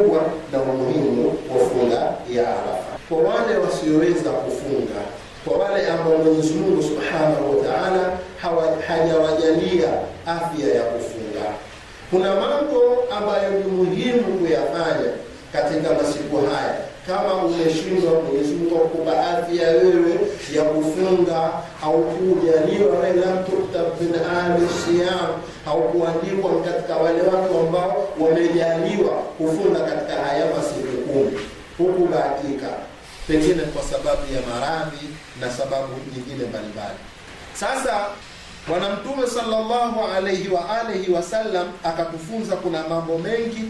kubwa na umuhimu wa funga ya Arafa. Kwa wale wasioweza kufunga, kwa wale ambao Mwenyezi Mungu Subhanahu wa Ta'ala hajawajalia afya ya kufunga, kuna mambo ambayo ni muhimu kuyafanya katika masiku haya. Kama umeshindwa, Mwenyezi Mungu akupa afya wewe ya kufunga au kujaliwa, lam tuktab min ahli siyam haukuandikwa katika wale watu ambao wamejaliwa kufunga katika haya masiku kumi huku bahatika pengine kwa sababu ya maradhi na sababu nyingine mbalimbali sasa bwana mtume salllahu alaihi wa alihi wasallam akatufunza kuna mambo mengi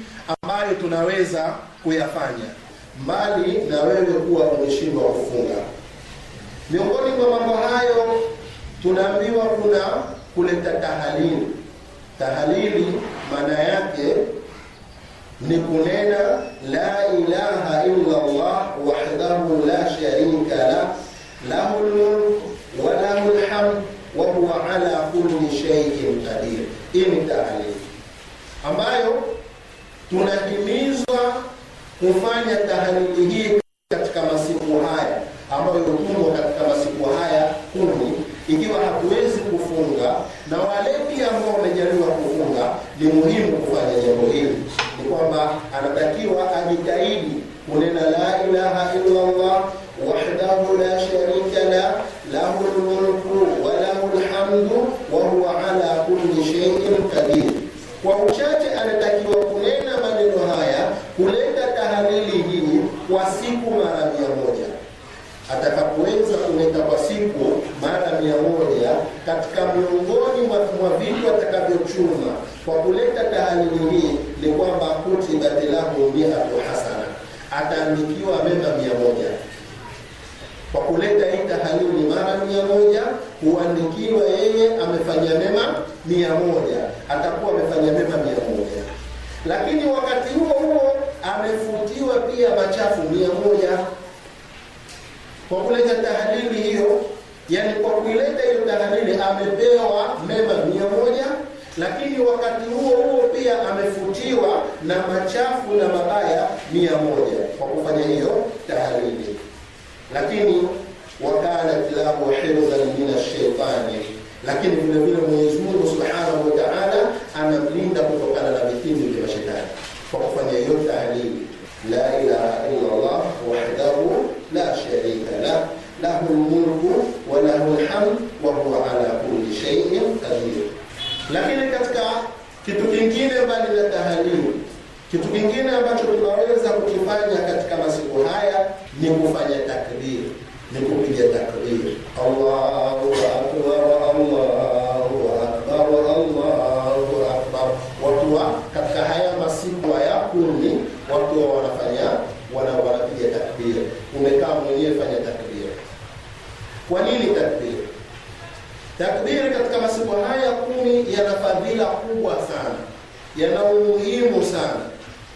ambayo tunaweza kuyafanya mbali na wewe kuwa umeshindwa kufunga miongoni mwa mambo hayo tunaambiwa kuna kuleta tahalili Tahalili maana yake ni kunena la ilaha illa Allah wahdahu la sharika lah lahu mulk wa lahul hamd wa huwa ala kulli shay'in qadir. Hii ni tahalili ambayo tunahimizwa kufanya tahalili hii katika masiku haya ambayo tumo katika masiku haya kumi ikiwa hatuwezi kufunga na wale pia ambao wamejaliwa kufunga, ni muhimu kufanya jambo hili, ni kwamba anatakiwa ajitahidi kunena la ilaha illa Allah wahdahu la sharika la lahu lmulku wa lahu lhamdu wa huwa ala kulli shay'in qadir. Kwa uchache anatakiwa kunena maneno haya, kuleta tahalili hii kwa siku mara mia atakapoweza kuleta kwa siku mara mia moja katika miongoni mwa vitu atakavyochuma kwa kuleta tahalili hii ni kwamba kutibat lahu miatu hasana, ataandikiwa mema mia moja kwa kuleta hii tahalili mara mia moja huandikiwa yeye amefanya mema mia moja atakuwa amefanya mema mia moja lakini wakati huo huo amefutiwa pia machafu mia moja kwa kuleta tahalili hiyo, yani kwa kuileta hiyo tahalili amepewa mema mia moja, lakini wakati huo huo pia amefutiwa na machafu na mabaya mia moja kwa kufanya hiyo tahalili. Lakini wakala kilabu hifdhan min ashaitani, lakini vile vile Mwenyezi Mungu subhanahu wa taala anamlinda kutokana na vitimbi vya mashetani kwa kufanya hiyo tahalili la Lakini katika kitu kingine mbali na tahalimu kitu kingine ambacho tunaweza kukifanya katika masiku haya ni kufanya takbir, ni kupiga takbir, Allahu akbar, Allahu akbar, Allahu akbar. Watu wa katika haya masiku haya kumi, watu wa wanafanya wana wanapiga takbir. Umekaa mwenyewe, fanya takbir. Kwa nini takbir? kumi yana fadhila kubwa sana, yana umuhimu sana.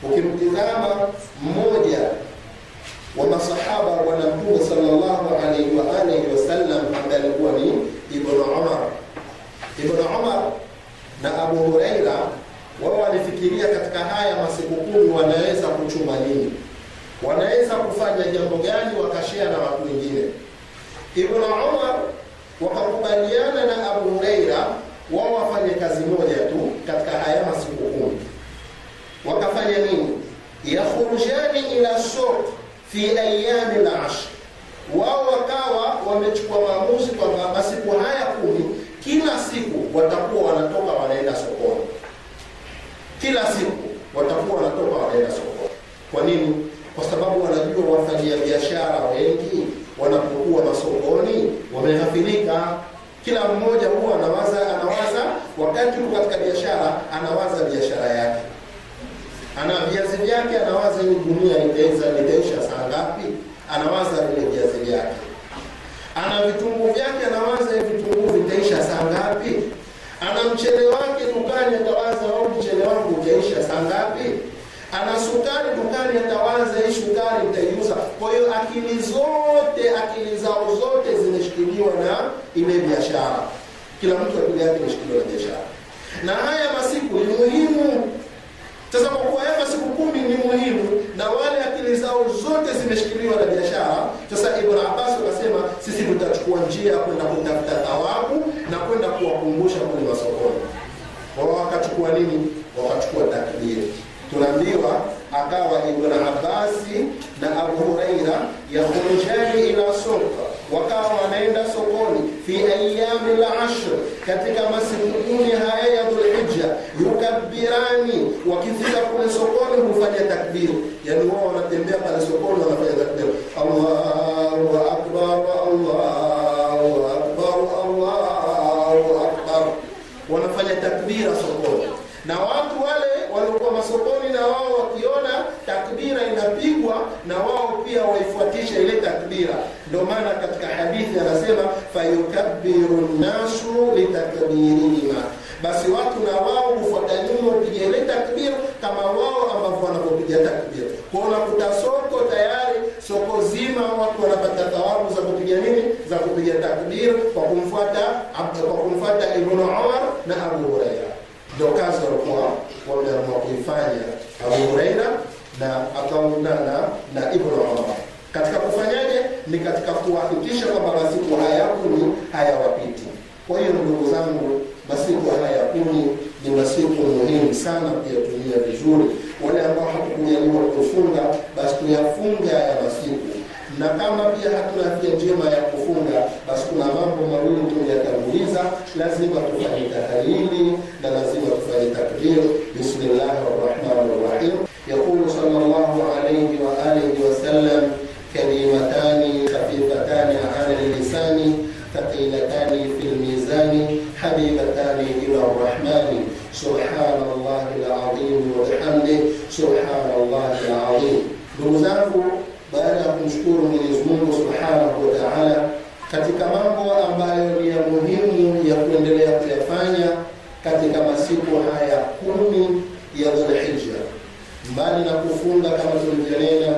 Ukimtizama mmoja wa masahaba wa Mtume sallallahu alaihi wa alihi wasallam ambaye alikuwa ni Ibnu Umar, Ibnu Umar na Abu Huraira wao walifikiria katika haya masiku kumi wanaweza kuchuma nini, wanaweza kufanya jambo gani wakashea na watu wengine. Ibnu Umar wakakubaliana na yakhurujani ila suq fi ayami al wao wakawa wamechukua maamuzi kwamba masiku haya kumi kila siku watakuwa wanatoka wanaenda sokoni, kila siku watakuwa wanatoka wanaenda sokoni. Kwa nini? Kwa sababu wanajua wafanyia biashara wengi wanapokuwa masokoni wamehafirika kila mmoja huwa anawaza anawaza wakati huu katika biashara anawaza biashara yake ana viazi vyake, anawaza hili gunia litaiza nitaisha saa ngapi, anawaza vile viazi vyake. Ana vitunguu vyake, anawaza vitunguu vitaisha saa ngapi. Ana mchele wake dukani, atawaza au mchele wangu utaisha saa ngapi. Ana sukari dukani, atawaza hii sukari itaiuza Kwa hiyo akili zote, akili zao zote zimeshikiliwa na ile biashara, kila mtu akili yake imeshikiliwa na biashara. Na haya masiku ni muhimu sasa kwa kuwa siku kumi ni muhimu na wale akili zao zote zimeshikiliwa na biashara, sasa Ibn Abbas akasema sisi tutachukua njia ya kwenda kutafuta thawabu na kwenda kuwakumbusha kule masokoni. Wao wakachukua nini? Wakachukua takdiri. Tunaambiwa akawa Ibn Abbas na Abu Huraira yakhurujani ila soka wakawa wanaenda sokoni fi ayami al-ashr, katika masiku kumi haya ya Dhulhijja, yukabirani, wakifika kule sokoni hufanya takbiri. Yani wao wanatembea pale sokoni wanafanya takbiri, Allahu akbar, Allahu akbar, Allahu akbar, wanafanya takbira sokoni na watu wale waliokuwa masokoni na wao wakiona takbira inapigwa na wao pia waifuatishe ile takbira ndio maana katika hadithi anasema fayukabbiru nnasu litakbirihima basi watu na wao hufuata nyuma upiga ile takbira kama wao ambavyo wanapopiga takbira kwao unakuta soko tayari soko zima watu wanapata thawabu za kupiga nini za kupiga takbir kwa kumfuata kwa kumfuata ibnu umar na abu huraira ndio kazi walikuwa moja mwakifanya Abu Huraira na Atauna na, na Ibnu Umar katika kufanyaje? Ni katika kuhakikisha kwamba masiku haya kumi hayawapiti. Kwa hiyo ndugu zangu, masiku haya kumi ni masiku muhimu sana kuyatumia vizuri. Wale ambao hatukujaliwa kufunga, basi tuyafunge haya masiku na kama pia hatuna afya njema ya kufunga, basi kuna mambo mawili Mtume yakamuuliza, lazima tufanye tahalili na lazima tufanye takbir. Bismillahi rahmani rahim. Yaqulu sallallahu alayhi wa alihi wasallam, kalimatani khafifatani ala lisani thaqilatani fil mizani habibatani ila rahmani subhanallahi alazim wa bihamdihi subhanallahi alazim. Ndugu zangu Katika mambo ambayo ni ya muhimu ya kuendelea kuyafanya katika masiku haya kumi ya Dhulhijja, mbali na kufunga kama tulivyonena,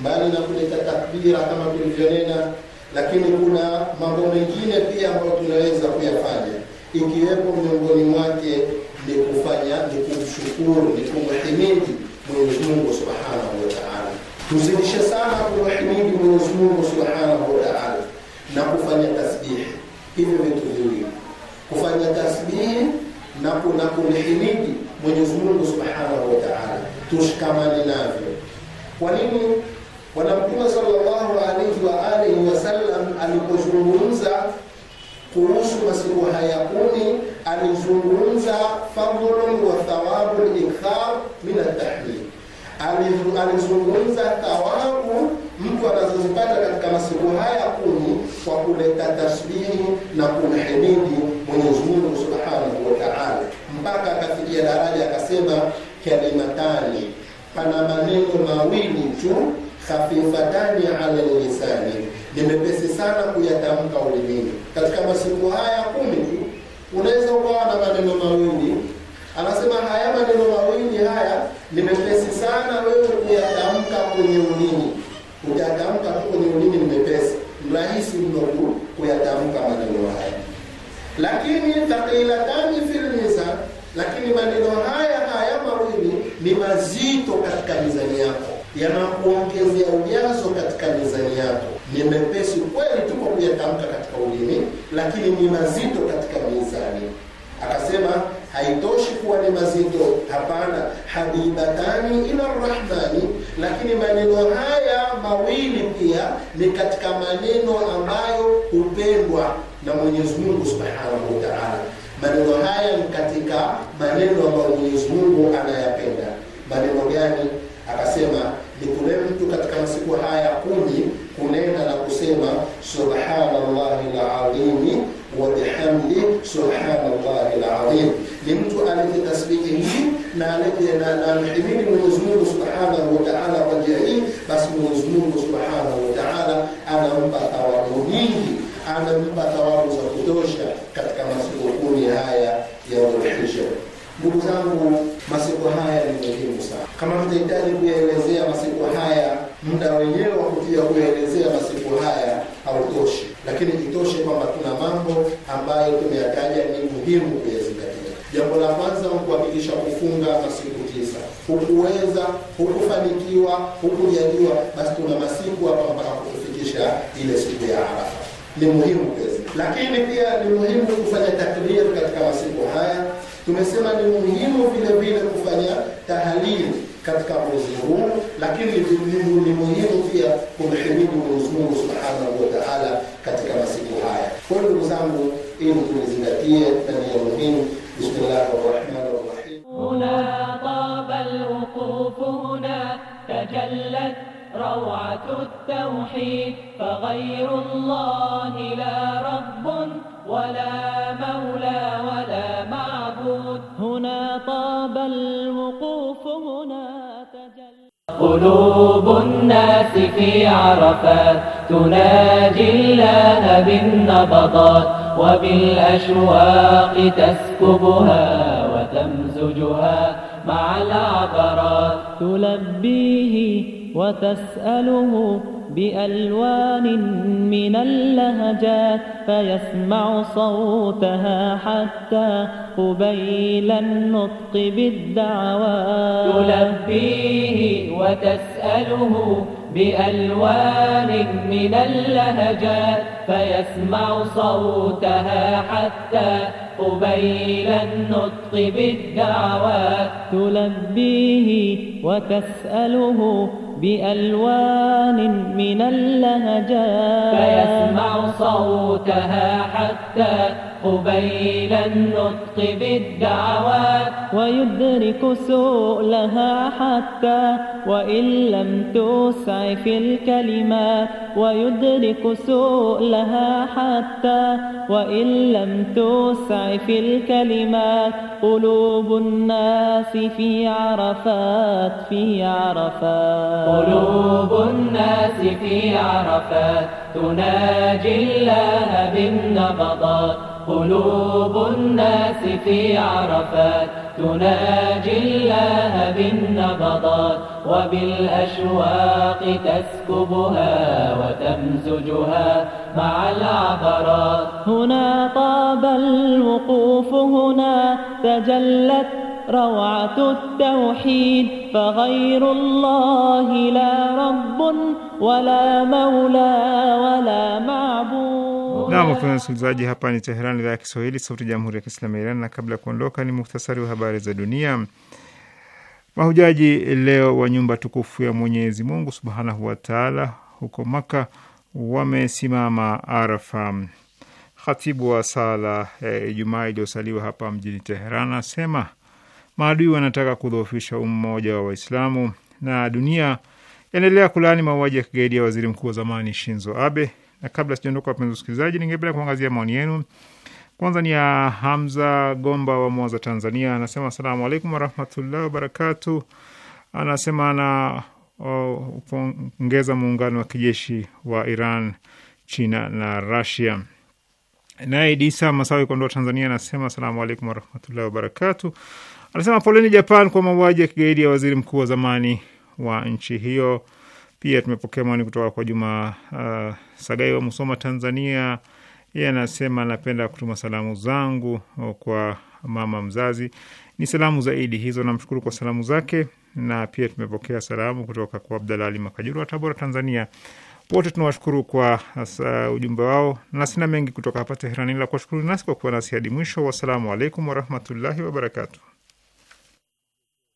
mbali na kuleta takbira kama tulivyonena, lakini kuna mambo mengine pia ambayo tunaweza kuyafanya, ikiwepo miongoni mwake ni kufanya ni kumshukuru, ni kumhimidi Mwenyezi Mungu Subhanahu wa Ta'ala. Tuzidishe sana kumhimidi Mwenyezi Mungu Subhanahu wa Ta'ala na kufanya tasbihi. Hivyo vitu viwili, kufanya tasbihi na kuna kumhimidi Mwenyezi Mungu Subhanahu wa Ta'ala, tushikamane navyo. Kwa nini? Bwana Mtume sallallahu alaihi wa alihi wasallam alipozungumza kuhusu masiku haya kumi alizungumza fadhlun wa thawabu likthar min altahmid, alizungumza thawabu mtu anazozipata katika masiku haya kumi kwa kuleta tasbihi na kumhimidi Mwenyezi Mungu subhanahu wa taala, mpaka akafikia daraja akasema kalimatani, pana maneno mawili tu khafifatani ala lisani, ni sana kuyatamka ulimini. Katika masiku haya kumi tu unaweza ukawa na maneno mawili anasema haya maneno mawili haya nimepesi sana wewe kuyatamka kwenye ulimi Kuyatamka huko ni ulimi ni mepesi, mrahisi mno kuyatamka maneno haya. Lakini thaqilatani fil mizan, lakini maneno haya haya mawili ni mazito katika mizani yako, yanakuongezea ujazo katika mizani yako. Ni mepesi kweli tu kwa kuyatamka katika ulimi, lakini ni mazito katika mizani. Akasema haitoshi kuwa ni mazito hapana habibatani ila rahmani lakini maneno haya mawili pia ni katika maneno ambayo hupendwa na mwenyezi mungu subhanahu wataala maneno haya ni katika maneno ambayo mwenyezi mungu anayapenda maneno gani akasema ni kule mtu katika masiku haya kumi kunena na kusema subhanallahi lalimi wa bihamdi subhanallahi na mhimili Mwenyezi Mungu Subhanahu wa kwa njia hii, basi Mwenyezi Subhanahu wataala anampa thawabu nyingi, anampa thawabu za kutosha katika masiku kumi haya ya Dhulhijja. Ndugu zangu, masiku haya ni muhimu sana. Kama tutahitaji kuyaelezea masiku haya, muda wenyewe wa kutia kuyaelezea masiku haya hautoshi, lakini kitoshe kwamba tuna mambo ambayo tumeyataja ni muhimu kuyazia kisha kufunga masiku tisa. Hukuweza, hukufanikiwa, hukujaliwa, basi kuna masiku hapa mpaka kufikisha ile siku ya Arafa. Ni muhimu pesa, lakini pia ni muhimu kufanya takrir katika masiku haya. Tumesema ni muhimu vile vile kufanya tahalili katika mwezi huu, lakini ni muhimu pia kumhimidi Mwenyezi Mungu subhanahu wa taala katika بالاشواق الأشواق تسكبها وتمزجها مع العبرات تلبيه وتسأله بألوان من اللهجات فيسمع صوتها حتى قبيل النطق بالدعوات تلبيه وتسأله بألوان من اللهجات فيسمع صوتها حتى قبيل النطق بالدعوات تلبيه وتسأله بألوان من اللهجات فيسمع صوتها حتى قبيل النطق بالدعوات ويدرك سؤلها حتى وإن لم تسعف في الكلمات ويدرك سؤلها حتى وإن لم تسعف في الكلمات قلوب الناس في عرفات في عرفات قلوب الناس في عرفات تناجي الله بالنبضات قلوب الناس في عرفات تناجي الله بالنبضات وبالأشواق تسكبها وتمزجها مع العبرات هنا طاب الوقوف هنا تجلت روعة التوحيد فغير الله لا رب ولا مولى ولا معبود Nam wapenda msikilizaji, hapa ni Teheran, idhaa ya Kiswahili, sauti ya jamhuri ya kiislamu ya Iran. Na kabla ya kuondoka, ni muhtasari wa habari za dunia. Mahujaji leo wa nyumba tukufu ya Mwenyezi Mungu subhanahu wataala huko Maka wamesimama Arafa. Khatibu wa sala ya Ijumaa iliyosaliwa hapa mjini Teheran asema maadui wanataka kudhoofisha umoja wa Waislamu na dunia yaendelea kulaani mauaji ya kigaidi ya waziri mkuu wa zamani Shinzo Abe na kabla sijaondoka, wapenzi wasikilizaji, ningependa kuangazia maoni yenu. Kwanza ni ya Hamza Gomba wa Mwanza, Tanzania, anasema asalamu alaikum warahmatullahi wabarakatu. Anasema anapongeza uh, muungano wa kijeshi wa Iran, China na Rasia. Naye Disa Masawi, Kondoa, Tanzania, anasema asalamu alaikum warahmatullahi wabarakatu. Anasema poleni Japan kwa mauaji ya kigaidi ya waziri mkuu wa zamani wa nchi hiyo Uh, pia tumepokea maoni kutoka kwa Juma uh, Sagai wa Musoma, Tanzania. Yeye anasema napenda kutuma salamu zangu uh, kwa mama mzazi, ni salamu zaidi hizo. Namshukuru kwa salamu zake, na pia tumepokea salamu kutoka kwa Abdalali Makajuru wa Tabora, Tanzania. Wote tunawashukuru kwa uh, ujumbe wao, na sina mengi kutoka hapa Teherani, ila kuwashukuru nasi kwa kuwa nasi hadi mwisho. Wassalamu alaikum warahmatullahi wabarakatuh.